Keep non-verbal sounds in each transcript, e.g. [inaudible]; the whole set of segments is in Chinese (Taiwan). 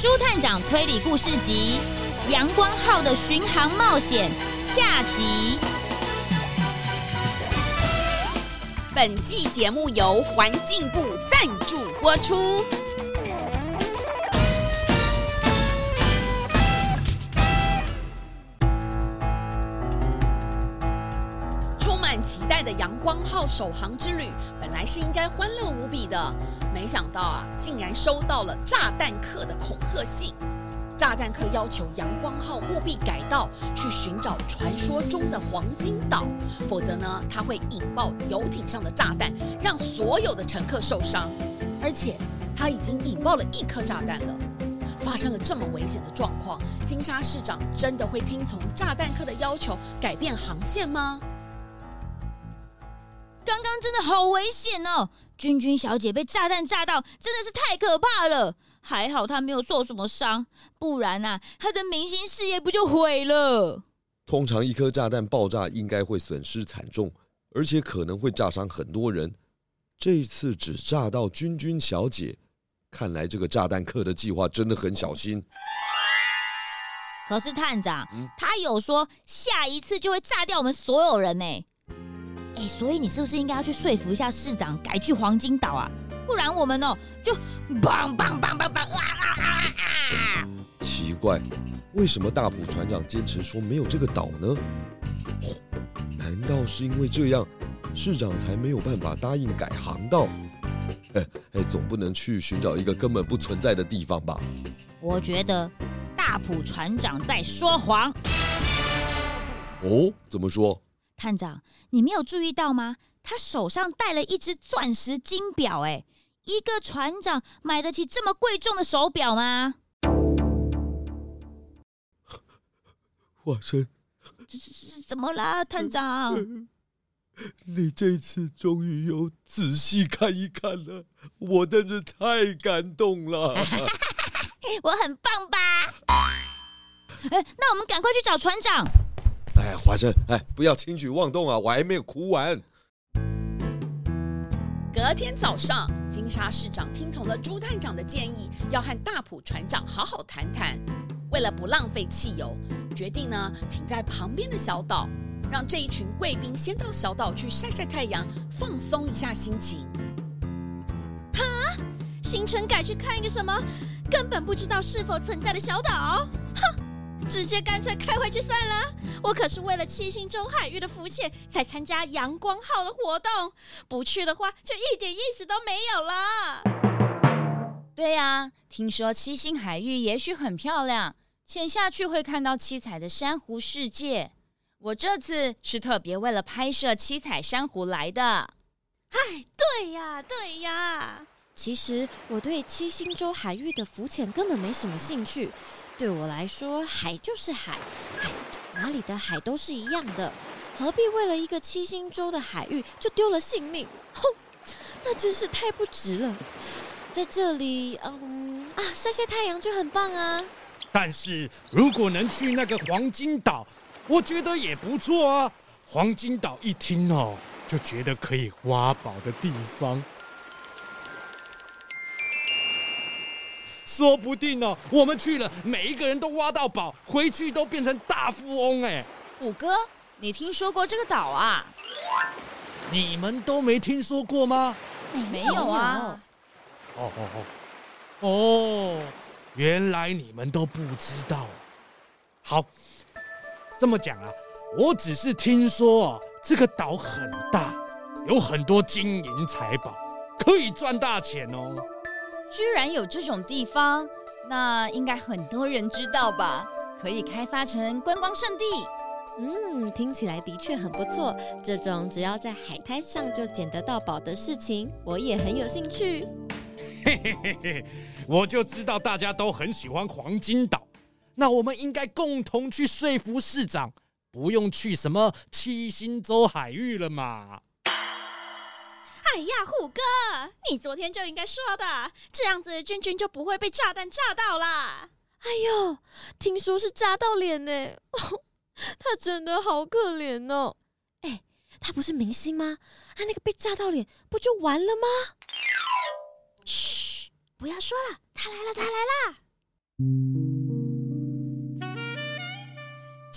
豬探長推理故事集《陽光號的巡航冒險》下集。本季節目由環境部贊助播出。陽光號首航之旅本來是應該歡樂無比的，沒想到啊，竟然收到了炸彈客的恐嚇信。炸彈客要求陽光號務必改道去尋找傳說中的黃金島，否則呢，他會引爆遊艇上的炸彈，讓所有的乘客受傷。而且他已經引爆了一顆炸彈了。發生了這麼危險的狀況，金沙市長真的會聽從炸彈客的要求改變航線嗎？剛剛真的好危險哦！君君小姐被炸彈炸到，真的是太可怕了。還好她沒有受什麼傷，不然啊，她的明星事業不就毀了？通常一顆炸彈爆炸應該會損失慘重，而且可能會炸傷很多人。這一次只炸到君君小姐，看來這個炸彈客的計劃真的很小心。可是探長，他有說下一次就會炸掉我們所有人呢、欸。所以你是不是應該要去說服一下市長改去黃金島啊？不然我們哦就棒棒棒棒棒啊啊啊啊，啊！啊、奇怪，為什麼大浦船長堅持說沒有這個島呢？難道是因為這樣，市長才沒有辦法答應改航道？哎哎，總不能去尋找一個根本不存在的地方吧？我覺得大浦船長在說謊。哦，怎麼說？探長，你沒有注意到嗎？他手上戴了一隻鑽石金錶，哎，一個船長買得起這麼貴重的手錶嗎？花生，怎麼啦，探長？呃、你這次終於有仔細看一看了，我真是太感動了。 [laughs] 我很棒吧？哎、呃，那我們趕快去找船長。哎，花生，哎，不要輕舉妄動啊！我還沒有哭完。隔天早上，金沙市長聽從了豬探長的建議，要和大普船長好好談談。為了不浪費汽油，決定呢停在旁邊的小島，讓這一群貴賓先到小島去曬曬太陽，放鬆一下心情。哈，行程改去看一個什麼根本不知道是否存在的小島？哼！直接乾脆開回去算了。我可是為了七星洲海域的浮潛才參加陽光號的活動，不去的話就一點意思都沒有了。對呀，聽說七星海域也許很漂亮，潛下去會看到七彩的珊瑚世界。我這次是特別為了拍攝七彩珊瑚來的。哎，對呀，對呀。其實我對七星洲海域的浮潛根本沒什麼興趣。對我來說，海就是海，海，哪裡的海都是一樣的，何必為了一個七星洲的海域就丟了性命？哼，那真是太不值了。在這裡，嗯啊，曬曬太陽就很棒啊。但是如果能去那個黃金島，我覺得也不錯啊。黃金島一聽哦，就覺得可以挖寶的地方。說不定哦，我們去了，每一個人都挖到寶，回去都變成大富翁哎！五哥，你聽說過這個島啊？你們都沒聽說過嗎？沒有啊。哦哦哦，哦，原來你們都不知道。好，這麼講啊，我只是聽說啊，這個島很大，有很多金銀財寶，可以賺大錢哦。居然有這種地方，那應該很多人知道吧？可以開發成觀光勝地。嗯，聽起來的確很不錯。這種只要在海灘上就撿得到寶的事情，我也很有興趣。嘿嘿嘿嘿，我就知道大家都很喜歡黃金島。那我們應該共同去說服市長，不用去什麼七星洲海域了嘛。哎呀，虎哥，你昨天就應該說的，這樣子君君就不會被炸彈炸到啦。哎呦，聽說是炸到臉呢。哦，他真的好可憐哦。哎，他不是明星嗎？他那個被炸到臉不就完了嗎？噓，不要說了，他來了，他來了。嗯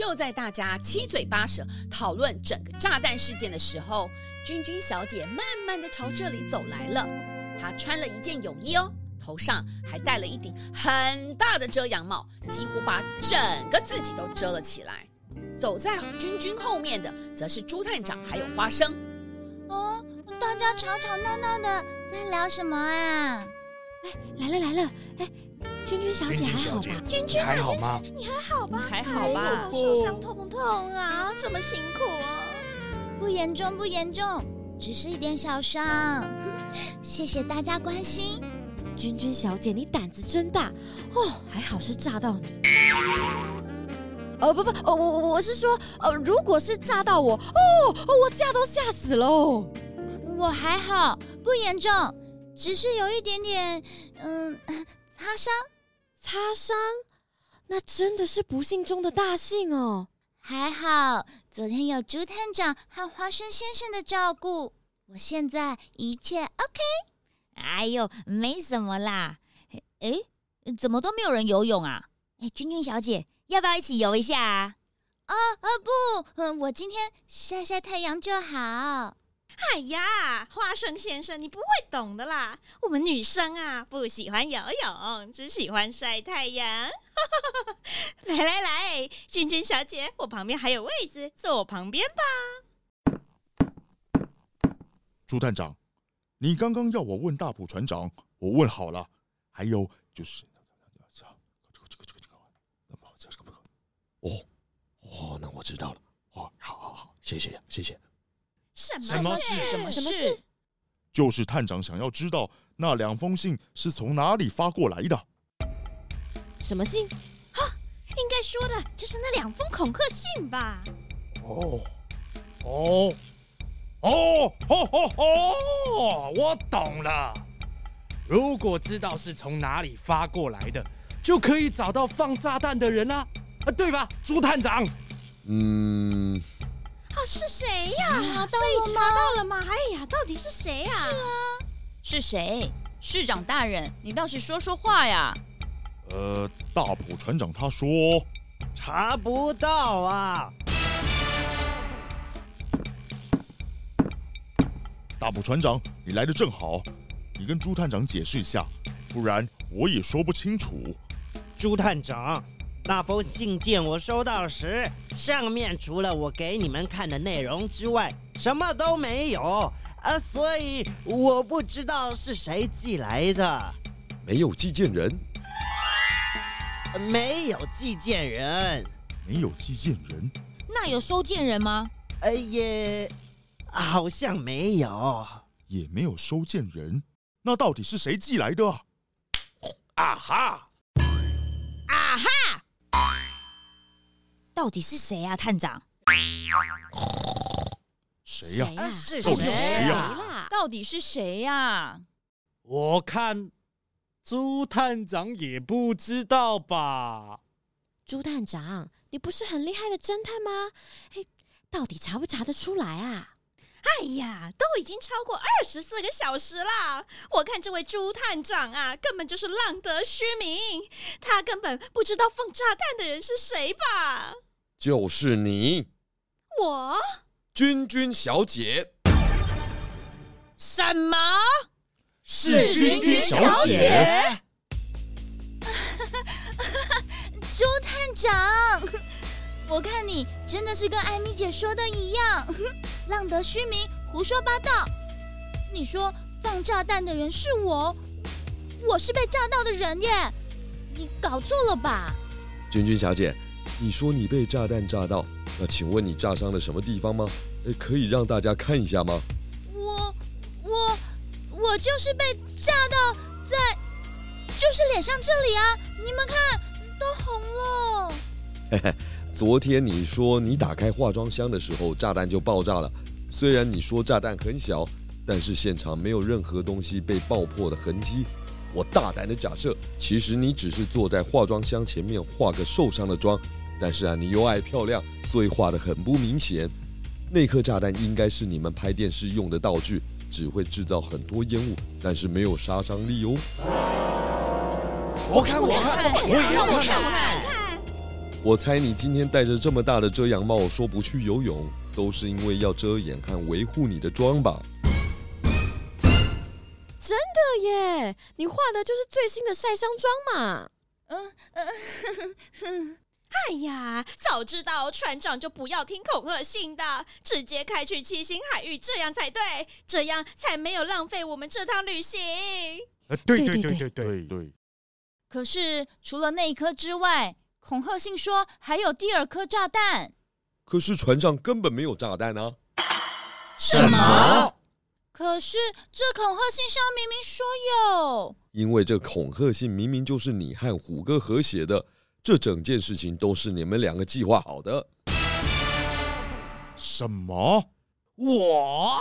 就在大家七嘴八舌討論整個炸彈事件的時候，君君小姐慢慢地朝這裡走來了。她穿了一件泳衣哦，頭上還戴了一頂很大的遮陽帽，幾乎把整個自己都遮了起來。走在君君後面的，則是豬探長還有花生。哦，大家吵吵鬧鬧鬧的在聊什麼啊？哎，來了來了，哎。君君小姐，君君小姐還好吧？君君小、啊、君君還你還好吧？你還好吧？哎、好受傷，痛不痛啊，哦？這麼辛苦啊。不嚴重，不嚴重，只是一點小傷。謝謝大家關心。君君小姐，你膽子真大哦！還好是炸到你。哦不不哦，我我是說，呃，如果是炸到我，哦哦，我嚇都嚇死嘍。我還好，不嚴重，只是有一點點嗯擦傷。擦傷，那真的是不幸中的大幸哦！還好昨天有豬探長和花生先生的照顧，我現在一切 OK。哎呦，沒什麼啦。欸，怎麼都沒有人游泳啊？欸，君君小姐，要不要一起游一下啊？哦，哦不，嗯，我今天曬曬太陽就好。哎呀，花生先生，你不會懂的啦！我們女生啊，不喜歡游泳，只喜歡曬太陽。哈哈哈哈，來來來，君君小姐，我旁邊還有位置，坐我旁邊吧。豬探長，你剛剛要我問大普船長，我問好了。還有就是，哦哦，那我知道了。哦，好好好，謝謝，謝謝。什麼事？什麼事？就是探長想要知道那兩封信，是從哪裡發過來的。什麼信？哦、應該說的就是那兩封恐嚇信吧。哦，哦，哦，哦哦，哦，我懂了。如果知道是從哪裡發過來的，就可以找到放炸彈的人了，啊，啊，對吧，豬探長？嗯。是誰呀？到底查到了嗎？到了嗎？哎呀，到底是誰呀？是啊，是誰？市長大人，你倒是說說話呀！呃，大浦船長他說，查不到啊。大浦船長，你來得正好，你跟豬探長解釋一下，不然我也說不清楚。豬探長。那封信件我收到時，上面除了我給你們看的內容之外，什麼都沒有。呃，所以我不知道是誰寄來的。沒有寄件人？沒有寄件人？沒有寄件人？那有收件人嗎？哎、呃、也，好像沒有。也沒有收件人？那到底是誰寄來的啊？啊哈！啊哈！到底是誰啊，探長？誰呀、啊？是誰呀、啊？到底是誰呀、啊啊啊啊啊？我看朱探長也不知道吧。朱探長，你不是很厲害的偵探嗎？哎，到底查不查得出來啊？哎呀，都已經超過二十四個小時了！我看這位豬探長啊，根本就是浪得虛名，他根本不知道放炸彈的人是誰吧？就是你，我君君小姐，什麼？是君君小姐？哈哈哈哈！豬探長，我看你真的是跟艾米姐說的一樣。浪得虛名，胡說八道！你說放炸彈的人是我，我是被炸到的人耶，你搞錯了吧？君君小姐，你說你被炸彈炸到，那請問你炸傷了什麼地方嗎？呃，可以讓大家看一下嗎？我，我，我就是被炸到在，就是臉上這裡啊，你們看，都紅了。嘿嘿。昨天你說你打開化妝箱的時候，炸彈就爆炸了。雖然你說炸彈很小，但是現場沒有任何東西被爆破的痕跡。我大膽的假設，其實你只是坐在化妝箱前面化個受傷的妝。但是啊，你又愛漂亮，所以畫得很不明顯。那顆炸彈應該是你們拍電視用的道具，只會製造很多煙霧，但是沒有殺傷力哦。我看，我看，我也要看我。看我猜你今天戴着這麼大的遮陽帽，說不去游泳，都是因為要遮眼看維護你的妝吧？真的耶，你化的就是最新的曬傷妝嘛？嗯嗯，哼哼哼。哎呀，早知道船長就不要聽恐嚇信的，直接開去七星海域，這樣才對，這樣才沒有浪費我們這趟旅行。呃，對對對對對對，對，對，對，對。可是除了那一顆之外。恐嚇信說還有第二顆炸彈，可是船上根本沒有炸彈呢、啊。什麼？可是這恐嚇信上明明說有。因為這恐嚇信明明就是你和虎哥合寫的，這整件事情都是你們兩個計劃好的。什麼？我？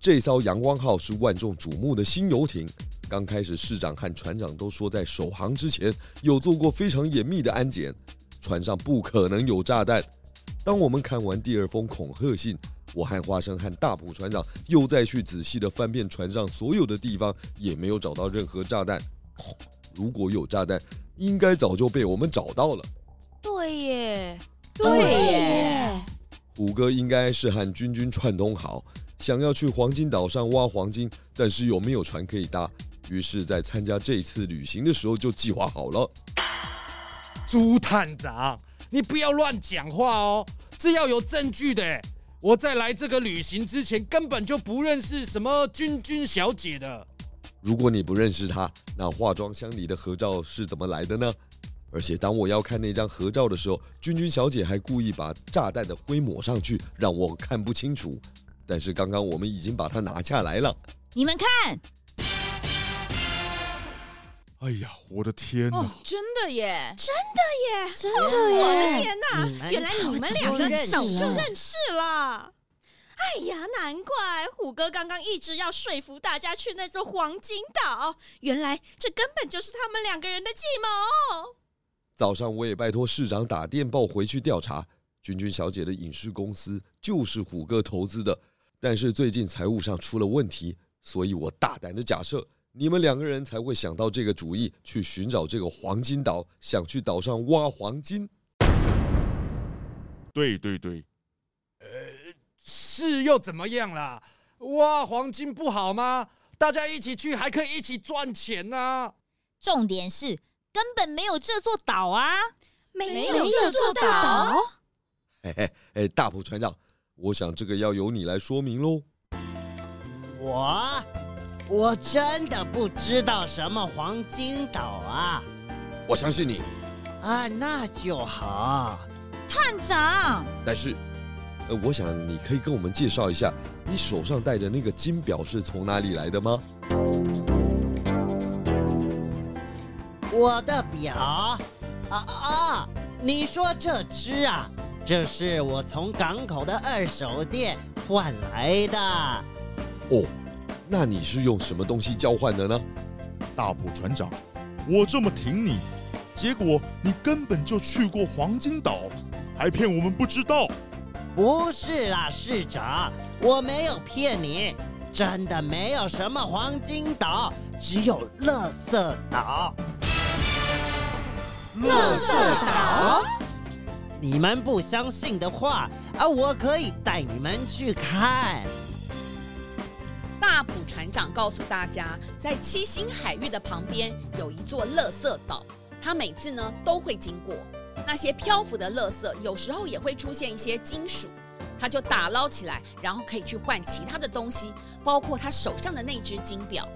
這一艘陽光號是萬眾矚目的新遊艇。剛開始，市長和船長都說在首航之前有做過非常嚴密的安檢，船上不可能有炸彈。當我們看完第二封恐嚇信，我和花生和大普船長又再去仔細的翻遍船上所有的地方，也沒有找到任何炸彈，哦。如果有炸彈，應該早就被我們找到了。對耶，對耶，虎哥應該是和軍軍串通好，想要去黃金島上挖黃金，但是有沒有船可以搭。於是，在參加這次旅行的時候，就計劃好了。豬探長，你不要亂講話哦，這要有證據的。我在來這個旅行之前，根本就不認識什麼君君小姐的。如果你不認識她，那化妝箱裡的合照是怎麼來的呢？而且，當我要看那張合照的時候，君君小姐還故意把炸彈的灰抹上去，讓我看不清楚。但是，剛剛我們已經把它拿下來了。你們看。哎呀，我的天吶、哦！真的耶，真的耶，真的耶！真的耶、哦、我的天吶，原來你們倆兩個早就認識了，了。哎呀，難怪虎哥剛剛一直要說服大家去那座黃金島，原來這根本就是他們兩個人的計謀、哦。早上我也拜托市長打電報回去調查，君君小姐的影視公司就是虎哥投資的，但是最近財務上出了問題，所以我大膽的假設。你們兩個人才會想到這個主意，去尋找這個黃金島，想去島上挖黃金。對對對，呃，是又怎麼樣啦？挖黃金不好嗎？大家一起去還可以一起賺錢啊。重點是根本沒有這座島啊，沒有這座島。座島嘿嘿，嘿，大普船長，我想這個要由你來說明嘍。我。我真的不知道什麼黃金島啊！我相信你。啊，那就好，探長。但是，我想你可以跟我們介紹一下，你手上戴的那個金錶是從哪裡來的嗎？我的錶？啊啊！你說這隻啊？這是我從港口的二手店換來的。哦。那你是用什麼東西交換的呢，大普船長？我這麼挺你，結果你根本就去過黃金島，還騙我們不知道。不是啦，市長，我沒有騙你，真的沒有什麼黃金島，只有垃圾島。垃圾島？你們不相信的話啊，我可以帶你們去看。大浦船長告訴大家，在七星海域的旁邊有一座垃圾島，他每次呢都會經過。那些漂浮的垃圾有時候也會出現一些金屬，他就打撈起來，然後可以去換其他的東西，包括他手上的那只金表。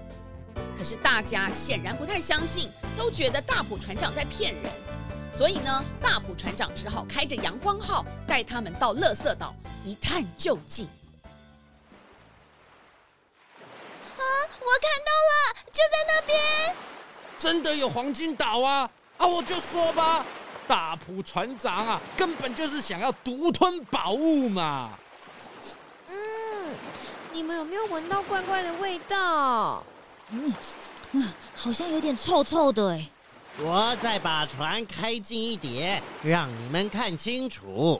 可是大家顯然不太相信，都覺得大普船長在騙人，所以呢，大普船長只好開着陽光號帶他們到垃圾島一探究竟。我看到了，就在那邊。真的有黃金島啊！啊，我就說吧，大普船長啊，根本就是想要獨吞寶物嘛。嗯，你們有沒有聞到怪怪的味道？嗯，好像有點臭臭的。我再把船開近一點，讓你們看清楚。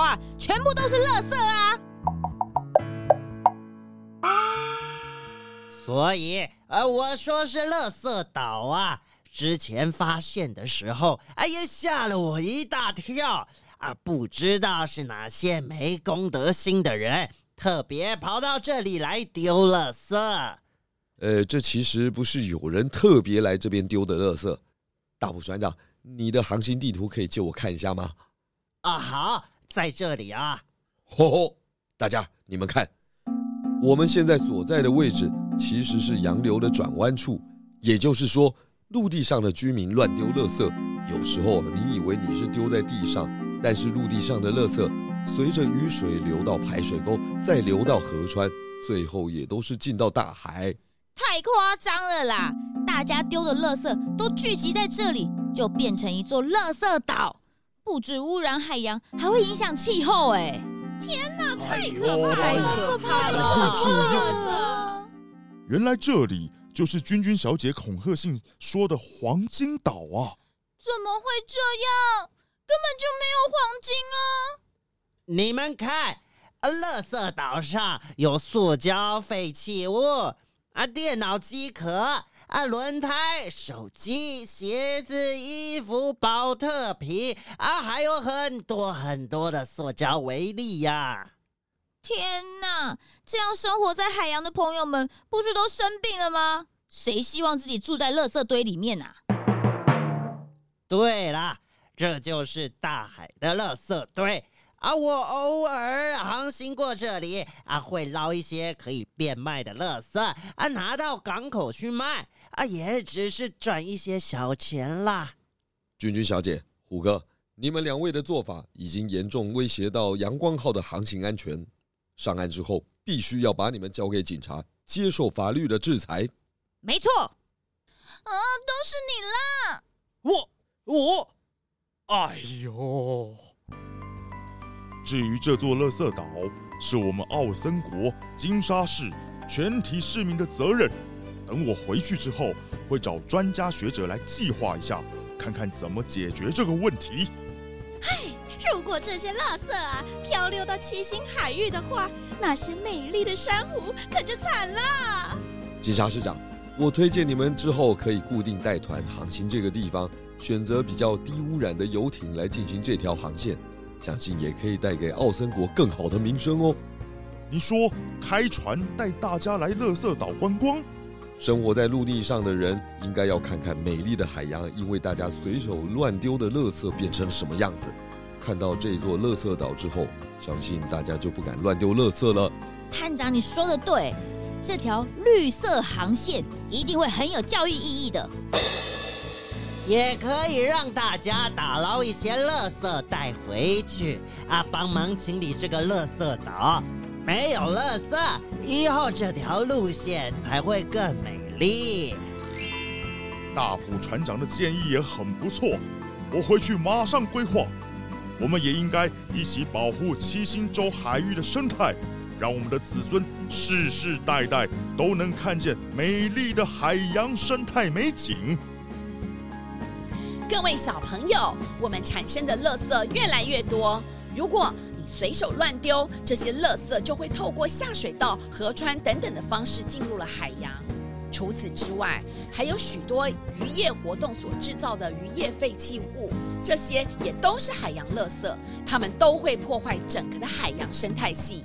啊！全部都是垃圾啊！所以，呃，我說是垃圾島啊。之前發現的時候，哎呀，嚇了我一大跳啊！不知道是哪些沒公德心的人，特別跑到這裡來丟垃圾。呃，這其實不是有人特別來這邊丟的垃圾。大普船長，你的航行地圖可以借我看一下嗎？啊，好。在這裡啊！吼，大家你們看，我們現在所在的位置其實是洋流的轉彎處，也就是說，陸地上的居民亂丟垃圾，有時候你以為你是丟在地上，但是陸地上的垃圾隨着雨水流到排水溝，再流到河川，最後也都是進到大海。太誇張了啦！大家丟的垃圾都聚集在這裡，就變成一座垃圾島。不止污染海洋，還會影響氣候哎！天哪，太、哎太太，太可怕了！太可怕了！原來這裡就是君君小姐恐嚇信說的黃金島啊！怎麼會這樣？根本就沒有黃金哦、啊！你們看，啊，垃圾島上有塑膠廢棄物，啊，電腦機殼。啊，輪胎、手機、鞋子、衣服、寶特瓶啊，還有很多很多的塑膠微粒呀！天哪、啊，這樣生活在海洋的朋友們不是都生病了嗎？誰希望自己住在垃圾堆裡面啊？對啦，這就是大海的垃圾堆。啊，我偶爾航行過這裡啊，會撈一些可以變賣的垃圾啊，拿到港口去賣啊，也只是賺一些小錢啦。君君小姐，虎哥，你們兩位的做法已經嚴重威脅到陽光號的航行安全，上岸之後必須要把你們交給警察，接受法律的制裁。沒錯，啊，哦，都是你啦！我我，哎呦！至於這座垃圾島，是我們奧森國金沙市全體市民的責任。等我回去之後，會找專家學者來計劃一下，看看怎麼解決這個問題。哎，如果這些垃圾啊漂流到七星海域的話，那些美麗的珊瑚可就慘了。金沙市長，我推薦你們之後可以固定帶團航行這個地方，選擇比較低污染的遊艇來進行這條航線。相信也可以帶給奧森國更好的名聲哦。你說，開船帶大家來垃圾島觀光，生活在陸地上的人應該要看看美麗的海洋，因為大家隨手亂丟的垃圾變成什麼樣子。看到這座垃圾島之後，相信大家就不敢亂丟垃圾了。探長，你說得對，這條綠色航線一定會很有教育意義的。也可以讓大家打撈一些垃圾帶回去啊，幫忙清理這個垃圾島。沒有垃圾，以後這條路線才會更美麗。大普船長的建議也很不錯，我回去馬上規劃。我們也應該一起保護七星洲海域的生態，讓我們的子孫世世代代都能看見美麗的海洋生態美景。各位小朋友，我們產生的垃圾越來越多。如果你隨手亂丟，這些垃圾就會透過下水道、河川等等的方式進入了海洋。除此之外，還有許多漁業活動所制造的漁業廢棄物，這些也都是海洋垃圾，它們都會破壞整個的海洋生態系。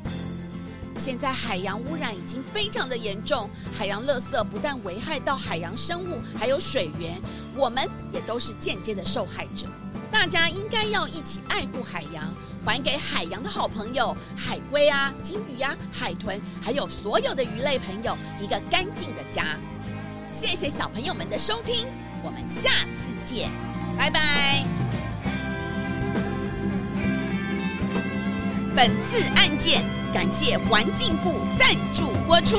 現在海洋污染已經非常的嚴重，海洋垃圾不但危害到海洋生物，還有水源，我們也都是間接的受害者。大家應該要一起愛護海洋，還給海洋的好朋友——海龜啊、鯨魚呀、啊、海豚，還有所有的魚類朋友一個乾淨的家。謝謝小朋友們的收聽，我們下次見，拜拜。本次案件感謝環境部贊助播出。